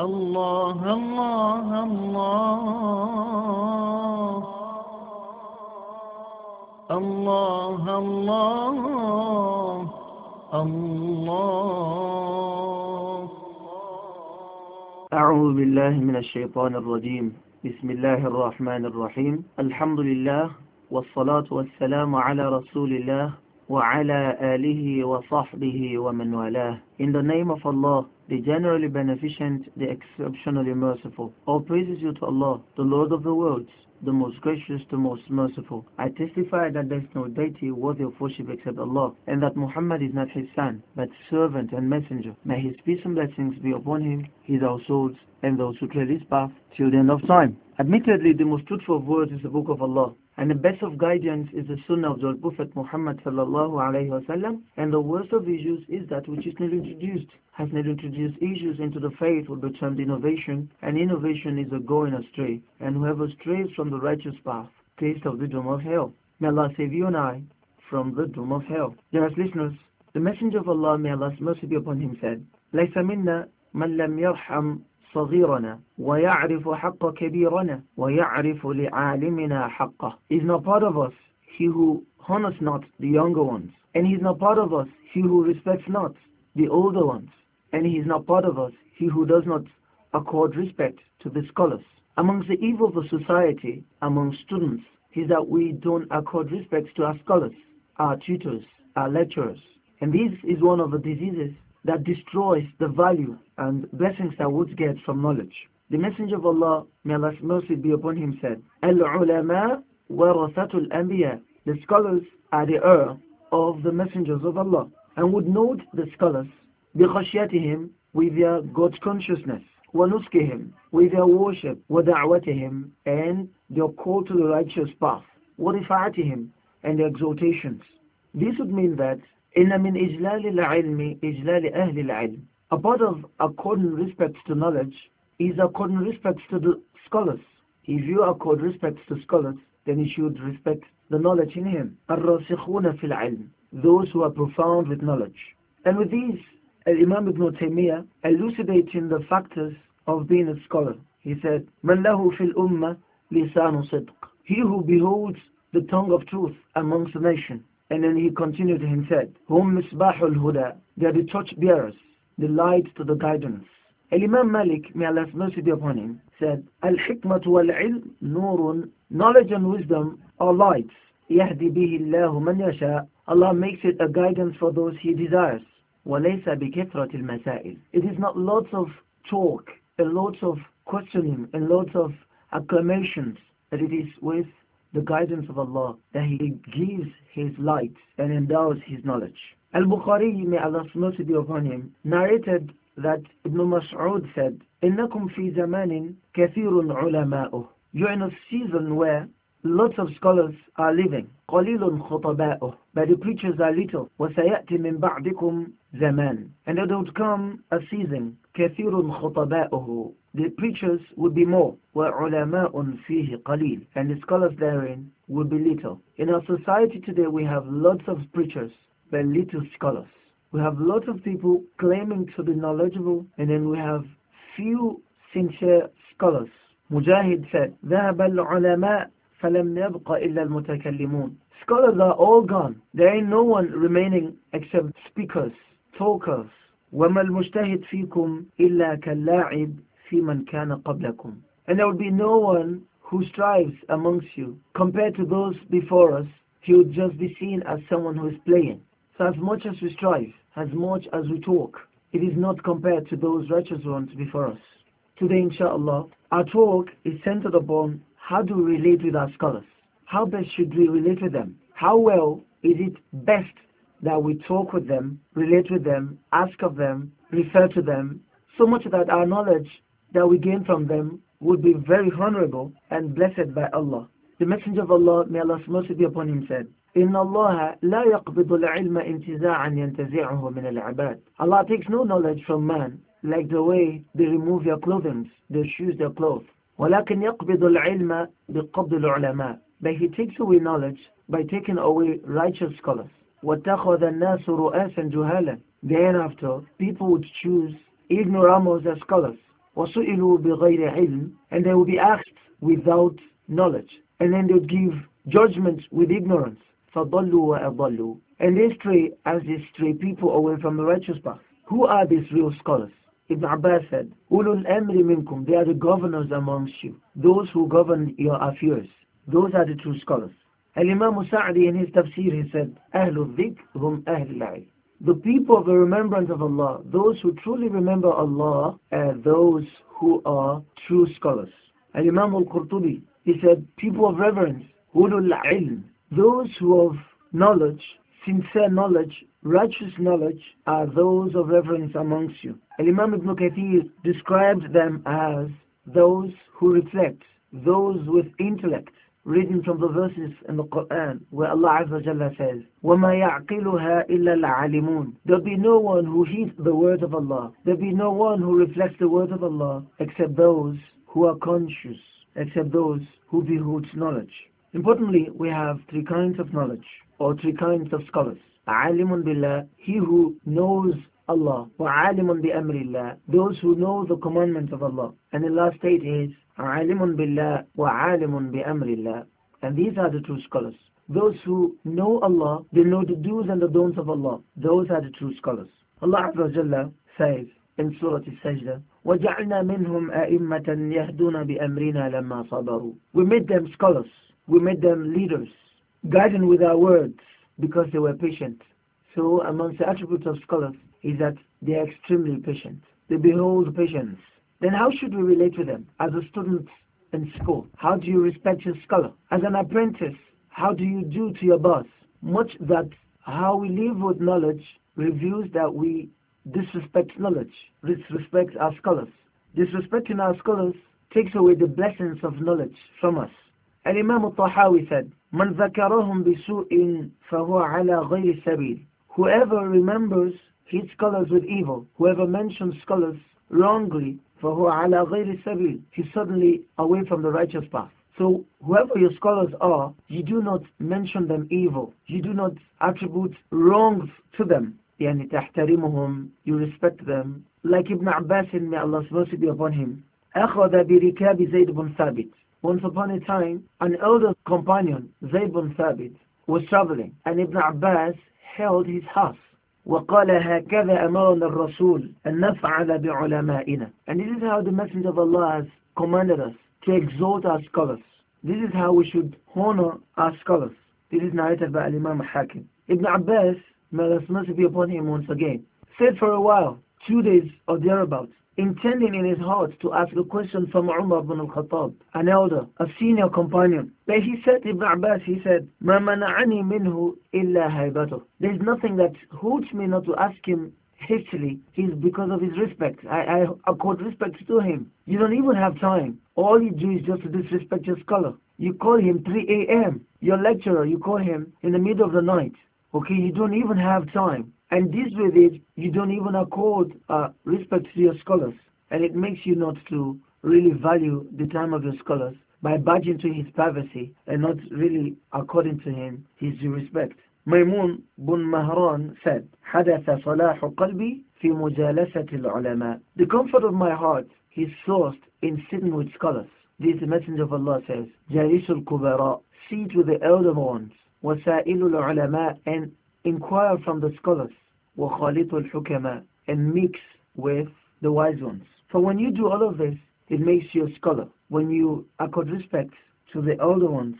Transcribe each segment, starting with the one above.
الله الله الله الله الله الله أعوذ بالله من الشيطان الرجيم بسم الله الرحمن الرحيم الحمد لله والصلاة والسلام على رسول الله وعلى آله وصحبه ومن والاه In the name of Allah the generally beneficent, the exceptionally merciful. All praises be to Allah, the Lord of the worlds, the most gracious, the most merciful. I testify that there is no deity worthy of worship except Allah, and that Muhammad is not his son, but servant and messenger. May his peace and blessings be upon him, his souls and those who tread his path till the end of time. Admittedly, the most truthful of words is the Book of Allah, and the best of guidance is the sunnah of the Prophet Muhammad sallallahu alayhi wasallam. And the worst of issues is that which is not introduced. Has not introduced issues into the faith would be termed innovation. And innovation is a going astray. And whoever strays from the righteous path tastes of the doom of hell. May Allah save you and I from the doom of hell. Dear listeners, the Messenger of Allah, may Allah's mercy be upon him, said, لَيْسَ مِنَّا مَنْ لَمْ يَرْحَمْ صغيرنا ويعرف حق كبيرنا ويعرف لعالمنا حقه is not part of us he who honors not the younger ones and he is not part of us he who respects not the older ones and he is not part of us he who does not accord respect to the scholars amongst the evils of society among students is that we don't accord respect to our scholars our tutors our lecturers and this is one of the diseases that destroys the value and blessings that would get from knowledge. The Messenger of Allah, may Allah's mercy be upon him, said, ulama The scholars are the heir of the messengers of Allah and would note the scholars بِخَشْيَتِهِمْ with their God consciousness وَنُسْكِهِمْ with their worship وَدَعْوَتِهِمْ and their call to the righteous path وَرِفَعَتِهِمْ and their exhortations. This would mean that إن من إجلال العلم إجلال أهل العلم A part of according respects to knowledge is according respects to the scholars. If you accord respects to scholars, then you should respect the knowledge in him. الراسخون في العلم Those who are profound with knowledge. And with these, uh, Imam Ibn Taymiyyah elucidating the factors of being a scholar. He said, من له في الأمة لسان صدق He who beholds the tongue of truth amongst the nation. And then he continued and said, Hum misbahul huda. They are the torch bearers, the light to the guidance. And Imam Malik, may Allah's mercy be upon him, said, Al-hikmatu wal-ilm nurun. Knowledge and wisdom are lights. Yahdi bihi Allahu man yasha. Allah makes it a guidance for those he desires. وَلَيْسَ بِكَثْرَةِ الْمَسَائِلِ It is not lots of talk and lots of questioning and lots of acclamations, that it is with the guidance of Allah, that He gives His light and endows His knowledge. Al-Bukhari, may Allah's mercy be upon him, narrated that Ibn Mas'ud said, إِنَّكُمْ فِي زَمَانٍ كَثِيرٌ عُلَمَاؤُهُ You're in a season where Lots of scholars are living. قَلِيلٌ خطباءه, But the preachers are little. وَسَيَأْتِ مِنْ بَعْدِكُمْ zaman, And there would come a season. كَثِيرٌ خطباءه, The preachers would be more. وَعُلَمَاءٌ فِيهِ قَلِيلٌ And the scholars therein would be little. In our society today we have lots of preachers, but little scholars. We have lots of people claiming to be knowledgeable, and then we have few sincere scholars. Mujahid said, ذهب العلماء فَلَمْ يَبْقَ إِلَّا الْمُتَكَلِّمُونَ Scholars are all gone. There ain't no one remaining except speakers, talkers. وَمَا الْمُجْتَهِدْ فِيكُمْ إِلَّا كَاللَّاعِبْ فِي مَنْ كَانَ قَبْلَكُمْ And there will be no one who strives amongst you. Compared to those before us, he would just be seen as someone who is playing. So as much as we strive, as much as we talk, it is not compared to those righteous ones before us. Today, inshallah, our talk is centered upon how do we relate with our scholars? How best should we relate with them? How well is it best that we talk with them, relate with them, ask of them, refer to them, so much that our knowledge that we gain from them would be very honorable and blessed by Allah. The Messenger of Allah, may Allah's mercy be upon him, said, إن الله لا يقبض العلم انتزاعا ينتزعه من العباد. Allah takes no knowledge from man, like the way they remove their clothing, their shoes, their clothes. ولكن يقبض العلم بقبض العلماء but he takes away knowledge by taking away righteous scholars واتخذ الناس رؤاسا جهالا thereafter people would choose ignoramus as scholars وسئلوا بغير علم and they would be asked without knowledge and then they would give judgments with ignorance فضلوا وأضلوا and they stray as they stray people away from the righteous path who are these real scholars Ibn Abbas said, Ulul Amri minkum, they are the governors amongst you, those who govern your affairs. Those are the true scholars. Al-Imam Sa'di in his tafsir, he said, Ahlul dhikr hum ahlul The people of the remembrance of Allah, those who truly remember Allah, are those who are true scholars. Al-Imam Al-Qurtubi, he said, people of reverence, Ulul Ilm, those who have knowledge, sincere knowledge, righteous knowledge, are those of reverence amongst you. Imam Ibn Kathir describes them as those who reflect, those with intellect, reading from the verses in the Quran where Allah Azza Jalla says, وَمَا يَعْقِلُهَا إِلَّا الْعَالِمُونَ There'll be no one who heeds the word of Allah. There'll be no one who reflects the word of Allah except those who are conscious, except those who behold knowledge. Importantly, we have three kinds of knowledge or three kinds of scholars. عَالِمٌ بِاللَّهِ He who knows Allah, وَعَالِمٌ بِأَمْرِ اللَّهِ Those who know the commandments of Allah. And the last state is, عَالِمٌ بِاللَّهِ وَعَالِمٌ بِأَمْرِ اللَّهِ And these are the true scholars. Those who know Allah, they know the do's and the don'ts of Allah. Those are the true scholars. Allah Azza says in Surah Al-Sajdah, وَجَعْلْنَا مِنْهُمْ أَئِمَّةً يَهْدُونَ بِأَمْرِنَا لَمَّا صَبَرُوا We made them scholars. We made them leaders, guiding with our words because they were patient. So amongst the attributes of scholars is that they are extremely patient. They behold patience. Then how should we relate to them? As a student in school, how do you respect your scholar? As an apprentice, how do you do to your boss? Much that how we live with knowledge reveals that we disrespect knowledge, disrespect our scholars. Disrespecting our scholars takes away the blessings of knowledge from us. And Imam al-Tahawi said, من ذكرهم بسوء فهو على غير سبيل. Whoever remembers treat scholars with evil. Whoever mentions scholars wrongly, who عَلَى غَيْرِ sabil, He's suddenly away from the righteous path. So whoever your scholars are, you do not mention them evil. You do not attribute wrongs to them. يعني تحترمهم You respect them. Like Ibn Abbas, may Allah's mercy be upon him. أخذ بركاب زيد بن ثابت Once upon a time, an elder companion, Zayd bin Thabit, was traveling, and Ibn Abbas held his horse. وقال هكذا أمرنا الرسول أن نفعل بعلمائنا and this is how the messenger of Allah has commanded us to exalt our scholars this is how we should honor our scholars this is narrated by Imam Hakim Ibn Abbas may Allah's mercy be upon him once again said for a while two days or thereabouts intending in his heart to ask a question from Umar ibn al-Khattab, an elder, a senior companion. But he said to Ibn Abbas, he said, مَنَعَنِي مِنْهُ إِلَّا هَيْبَتُهُ There's nothing that hoots me not to ask him hastily He's because of his respect. I, I accord respect to him. You don't even have time. All you do is just to disrespect your scholar. You call him 3 a.m. Your lecturer, you call him in the middle of the night. Okay, you don't even have time. And this with it, you don't even accord uh, respect to your scholars. And it makes you not to really value the time of your scholars by barging to his privacy and not really according to him his respect. Maymun bin Mahran said, حدث صلاح قلبي في مجالسة العلماء. The comfort of my heart is sourced in sitting with scholars. This messenger of Allah says, جالس الكبراء, seat with the elder ones, وسائل العلماء, and inquire from the scholars وَخَالِطُ الْحُكَمَاء and mix with the wise ones. For when you do all of this, it makes you a scholar. When you accord respect to the older ones,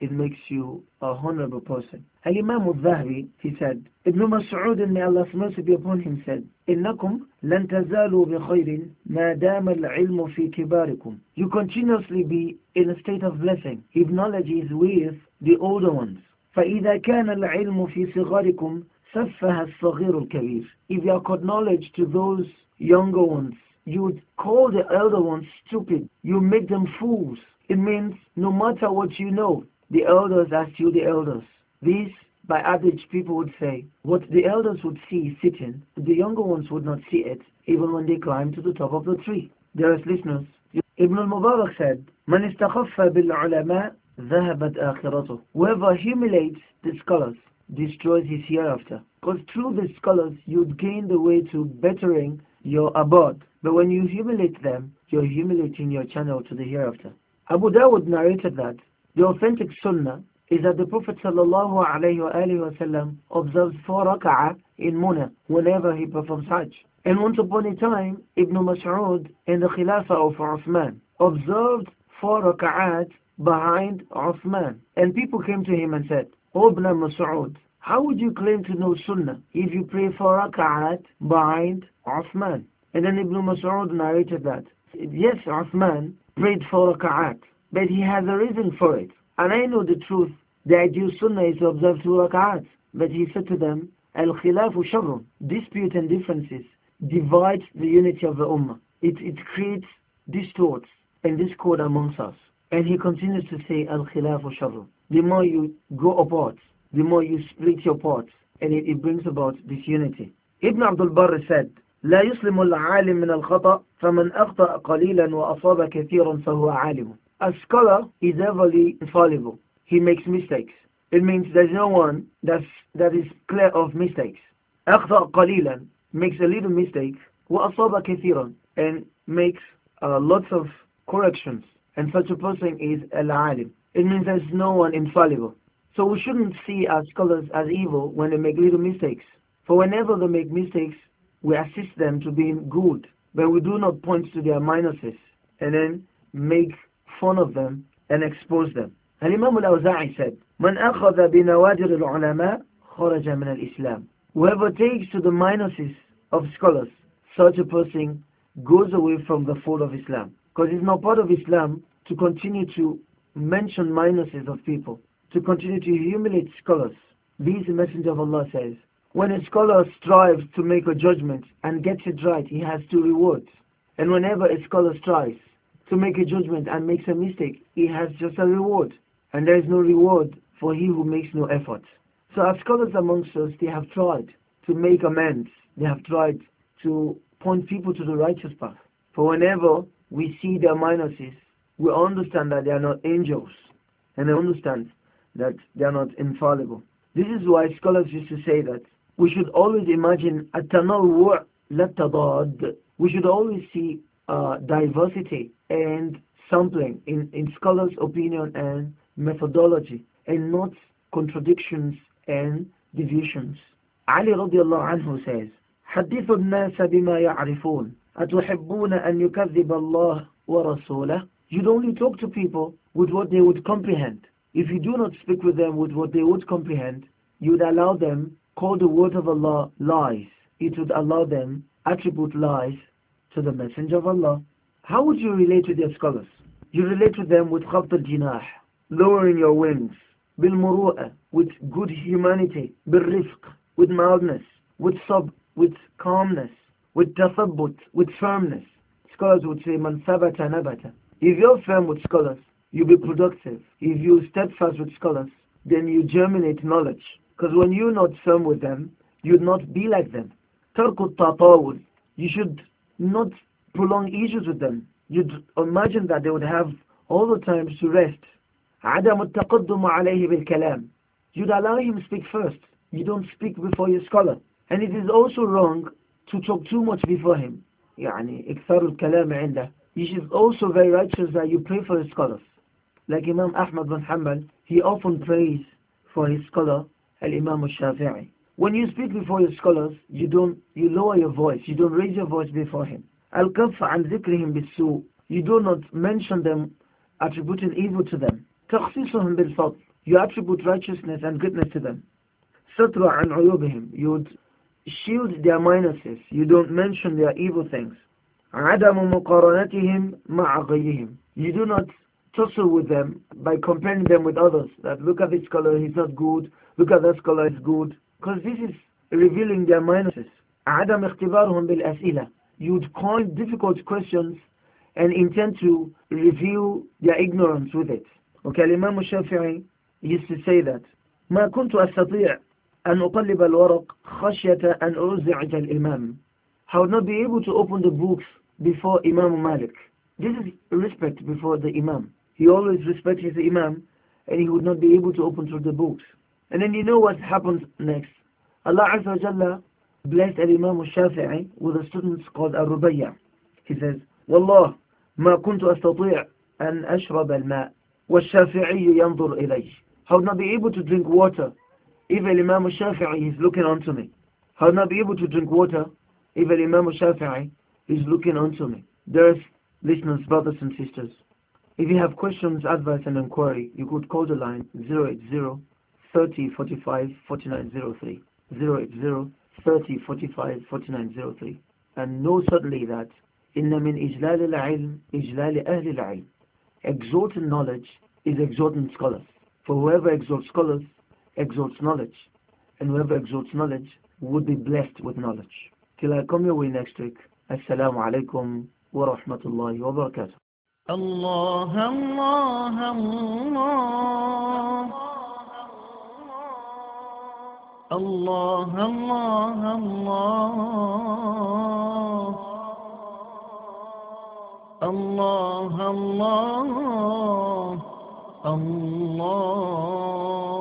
it makes you a honorable person. Al-Imam al-Zahri, he said, Ibn Mas'ud, and may Allah's mercy be upon him, said, إِنَّكُمْ لَن تَزَالُوا بِخَيْرٍ مَا دَامَ الْعِلْمُ فِي كِبَارِكُمْ You continuously be in a state of blessing if knowledge is with the older ones. فإذا كان العلم في صغاركم سفه الصغير الكبير If you acknowledge knowledge to those younger ones, you would call the elder ones stupid. You make them fools. It means no matter what you know, the elders are still the elders. This, by average, people would say. What the elders would see sitting, the younger ones would not see it, even when they climb to the top of the tree. Dearest listeners, Ibn al-Mubarak said, من استخف بالعلماء ذهبت آخرته. Whoever humiliates the scholars destroys his hereafter. Because through the scholars you'd gain the way to bettering your abode. But when you humiliate them, you're humiliating your channel to the hereafter. Abu Dawud narrated that the authentic sunnah is that the Prophet ﷺ observes four raka'ah in Muna whenever he performs Hajj. And once upon a time, Ibn Mas'ud and the Khilafah of Uthman observed four raka'at behind Uthman. And people came to him and said, O Ibn Mas'ud, how would you claim to know Sunnah if you pray for Raka'at behind Uthman? And then Ibn Mas'ud narrated that. Yes, Uthman prayed for Raka'at, but he has a reason for it. And I know the truth that your Sunnah is to observe two Raka'at. But he said to them, Al-Khilafu Sharrun, dispute and differences divide the unity of the Ummah. It, it creates distorts and discord amongst us. And he continues to say, Al-Khilafu Sharru. The more you go apart, the more you split your parts, and it, it brings about disunity. Ibn Abdul Barr said, لا يسلم العالم من الخطأ فمن أخطأ قليلا وأصاب كثيرا فهو عالم. A scholar is ever infallible. He makes mistakes. It means there's no one that's, that is clear of mistakes. أخطأ قليلا makes a little mistake وأصاب كثيرا and makes uh, lots of corrections and such a person is al-alim. It means there's no one infallible. So we shouldn't see our scholars as evil when they make little mistakes. For whenever they make mistakes, we assist them to being good, but we do not point to their minuses and then make fun of them and expose them. And Imam al-Awza'i said, من al بنوادر al-Islam." Whoever takes to the minuses of scholars, such a person goes away from the fold of Islam. Because it's not part of Islam to continue to mention minuses of people, to continue to humiliate scholars. These the Messenger of Allah says, when a scholar strives to make a judgment and gets it right, he has two rewards. And whenever a scholar strives to make a judgment and makes a mistake, he has just a reward. And there is no reward for he who makes no effort. So as scholars amongst us, they have tried to make amends. They have tried to point people to the righteous path. For whenever we see their minuses, we understand that they are not angels, and I understand that they are not infallible. This is why scholars used to say that we should always imagine at-tanawwu' latadad. We should always see uh, diversity and sampling in, in scholars' opinion and methodology, and not contradictions and divisions. Ali radiallahu anhu says, حدث الناس بما يعرفون أتحبون أن يكذب الله ورسوله You'd only talk to people with what they would comprehend. If you do not speak with them with what they would comprehend, you'd allow them call the word of Allah lies. It would allow them attribute lies to the messenger of Allah. How would you relate with your scholars? You relate to them with khabt al-jinah, lowering your wings, bil muru'ah, with good humanity, bil rifq, with mildness, with sub, with calmness, with tathabbut, with firmness. Scholars would say man sabata nabata. If you're firm with scholars, you'll be productive. If you steadfast with scholars, then you germinate knowledge. Because when you're not firm with them, you'd not be like them. Tarkut tatawul. You should not prolong issues with them. You'd imagine that they would have all the times to rest. عدم التقدم عليه You'd allow him speak first. You don't speak before your scholar. And it is also wrong to talk too much before him. يعني اكثر الكلام عنده. also very righteous that you pray for his scholars. Like Imam Ahmad bin Hanbal, he often prays for his scholar, Al-Imam al-Shafi'i. When you speak before your scholars, you don't, you lower your voice, you don't raise your voice before him. Al-Kaffa عن ذكرهم بالسوء. You do not mention them, attributing evil to them. bil You attribute righteousness and goodness to them. ستر عن عيوبهم. You would shield their minuses. You don't mention their evil things. عدم مقارنتهم مع غيرهم. You do not tussle with them by comparing them with others. That look at this color, he's not good. Look at that color, he's good. Because this is revealing their minuses. عدم اختبارهم بالأسئلة. You'd call difficult questions and intend to reveal their ignorance with it. Okay, Imam Shafi'i used to say that. ما كنت أستطيع and أقلب الورق خشية أن أزعج الإمام I would not be able to open the books before Imam Malik. This is respect before the Imam. He always respects his Imam and he would not be able to open through the books. And then you know what happens next. Allah Azza wa Jalla blessed Imam Shafi'i with a student called Al-Rubayya. He says, والله ما كنت أستطيع أن أشرب الماء والشافعي ينظر إلي. I would not be able to drink water even Imam Shafi'i is looking onto me. I'll not be able to drink water. Even Imam Shafi'i is looking onto me. There's listeners, brothers and sisters. If you have questions, advice and inquiry, you could call the line 080 30 45 4903. 080 30 45 4903. And know certainly that إن من إجلال العلم إجلال أهل العلم Exhorting knowledge is exhorting scholars. For whoever exalts scholars, exalts knowledge. And whoever exalts knowledge would be blessed with knowledge. Till I come your way next week. Assalamu alaikum wa rahmatullahi wa barakatuh. Allah الله Allah Allah الله Allah Allah الله الله